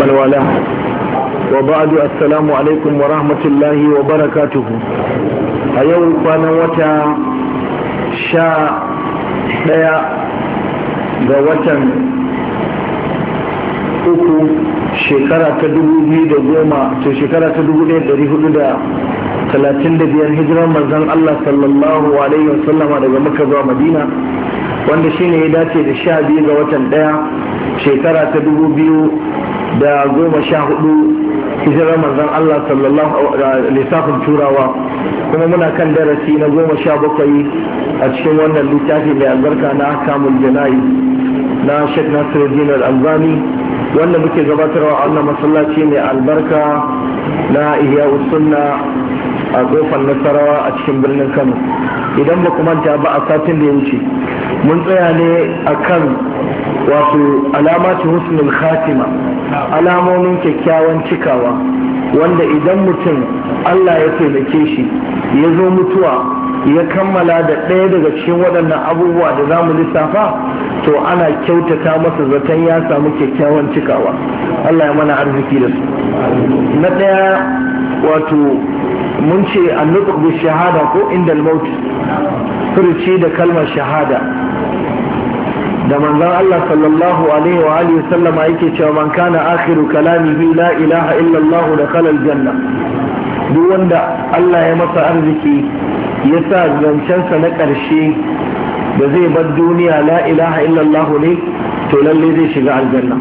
walwala wa ba'du assalamu alaikum wa rahmatullahi wa barakatuhu a yau kwanan wata sha daya ga watan uku shekara ta dubu biyu da goma to shekara ta dubu ɗaya dari hudu da talatin da biyar hijirar manzon Allah sallallahu alaihi wasallama daga maka zuwa madina wanda shine ya dace da sha biyu ga watan ɗaya shekara ta dubu biyu da goma sha hudu hijirar manzan Allah sallallahu lissafin turawa kuma muna kan darasi na goma sha bakwai a cikin wannan littafi mai albarka na kamun jana'i na shek nasiruddin al-albani wanda muke gabatarwa a wannan masallaci mai albarka na iya sunna a kofar nasarawa a cikin birnin kano idan ba manta ba a satin da ya wuce mun tsaya ne a kan. wato alamatu husnul khatima alamomin kyakkyawan cikawa wanda idan mutum Allah ya taimake shi ya zo mutuwa ya kammala da ɗaya daga cikin waɗannan abubuwa da za mu lissafa to ana kyautata masa zaton ya samu kyakkyawan cikawa Allah ya mana arziki da su na ɗaya wato mun ce annutuk bi shahada ko indal maut furuci da kalmar shahada da manzon Allah sallallahu alaihi wa alihi sallama yake cewa man kana akhiru kalamihi la ilaha illa Allah khalal janna duk wanda Allah ya masa arziki ya sa zancensa na ƙarshe da zai bar duniya la ilaha Allah ne to lalle zai shiga aljanna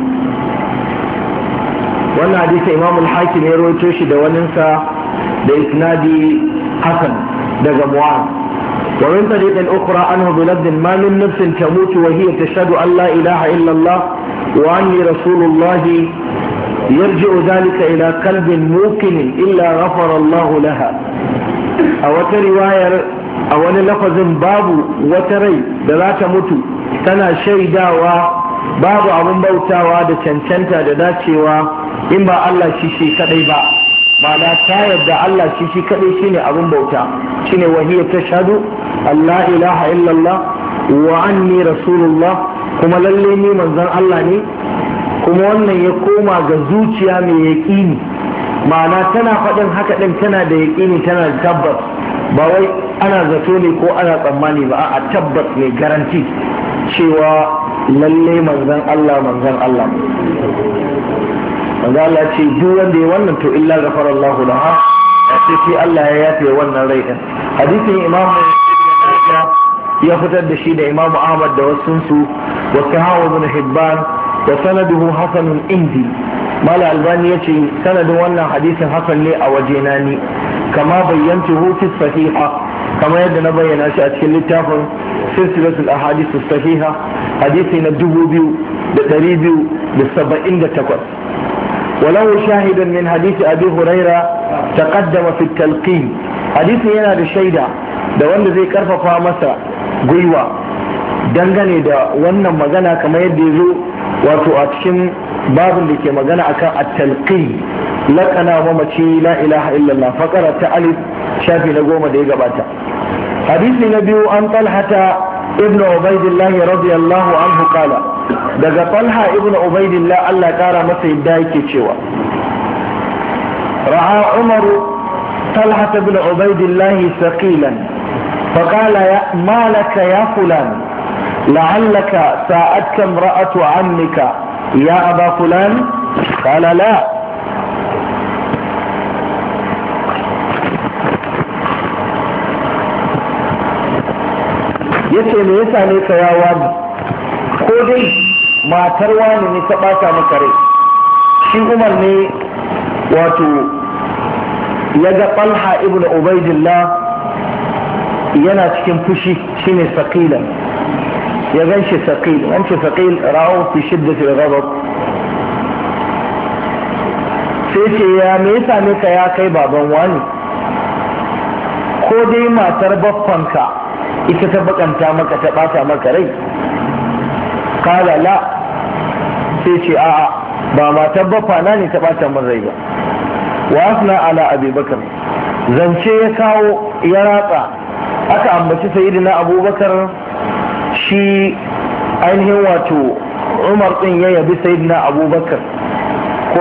wannan hadisi imam al-hakim ya rawaito shi da waninsa da isnadi hasan daga mu'az ومن طريق أخرى عنه بلفظ ما من نفس تموت وهي تشهد أن لا إله إلا الله وأني رسول الله يرجع ذلك إلى قلب موقن إلا غفر الله لها أو رواية أو لفظ باب وتري لا تموت تنا شيدا و باب أبن بوتا ود تنتنتا دداتي و إما الله شيشي كذبا ba na ta yadda Allah shi shi kaɗai shi ne abin bauta shi ne wahiyar ta shadu Allah la ilaha illallah wa anni rasulullah kuma lalle ni manzon Allah ne kuma wannan ya koma ga zuciya mai yaƙini ma'ana tana faɗin haka ɗin tana da yaƙini tana da tabbas ba wai ana zato ne ko ana tsammani ba a tabbas mai garanti cewa lalle manzan Allah manzan Allah manzan Allah ce duk wanda ya wannan to illa gafara Allah laha sai Allah ya yafe wannan rai din hadisin imamu ya fitar da shi da imamu ahmad da wasu su wa sahawa ibn hibban wa sanaduhu hasanun indi mala albani ya ce sanadin wannan hadisin hasan ne a wajena ni kama bayyantu hutu sahiha kama yadda na bayyana shi a cikin littafin silsilatul ahadisu sahiha hadisi na dubu biyu da ɗari biyu da saba'in da takwas ولو شاهد من حديث أبي هريرة تقدم في التلقين حديث هنا للشيدة ده زي كرفة فامسة gwiwa dangane da wannan magana kamar yadda ya zo wato a cikin babin da ke magana akan at-talqi laqana mamaci la ilaha illallah fakara ta alif shafi na goma da ya gabata hadisi na biyu an talhata ibnu ubaidillah radiyallahu anhu qala daga talha ibnu ubaidillah Allah kara masa yadda yake cewa ra'a umaru talhata ibn ubaidillah saqilan فقال يا ما لك يا فلان لعلك ساءتك امرأة عمك يا أبا فلان قال لا yace me yasa ne ka yawa ne ko dai matar wani ne ta bata maka rai shi umar ne wato ya ga talha ibn ubaidillah yana cikin fushi shine saqilan ya gan shi saqil an ce saqil rawu fi shiddati al-ghadab sai ce ya me yasa ne ka ya kai baban wani ko dai matar baffanka ita ta bakanta maka ta bata maka rai kala la sai ce a'a ba matar baffa na ne ta bata min rai ba wa asna ala abubakar zance ya kawo ya ratsa aka ambaci sayyidina abubakar shi ainihin wato umar din ya yabi na abubakar